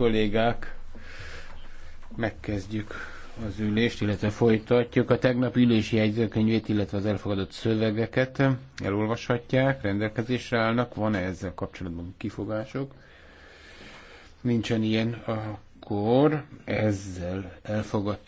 kollégák, megkezdjük az ülést, illetve folytatjuk a tegnap ülési jegyzőkönyvét, illetve az elfogadott szövegeket. Elolvashatják, rendelkezésre állnak, van-e ezzel kapcsolatban kifogások? Nincsen ilyen, akkor ezzel elfogadtuk.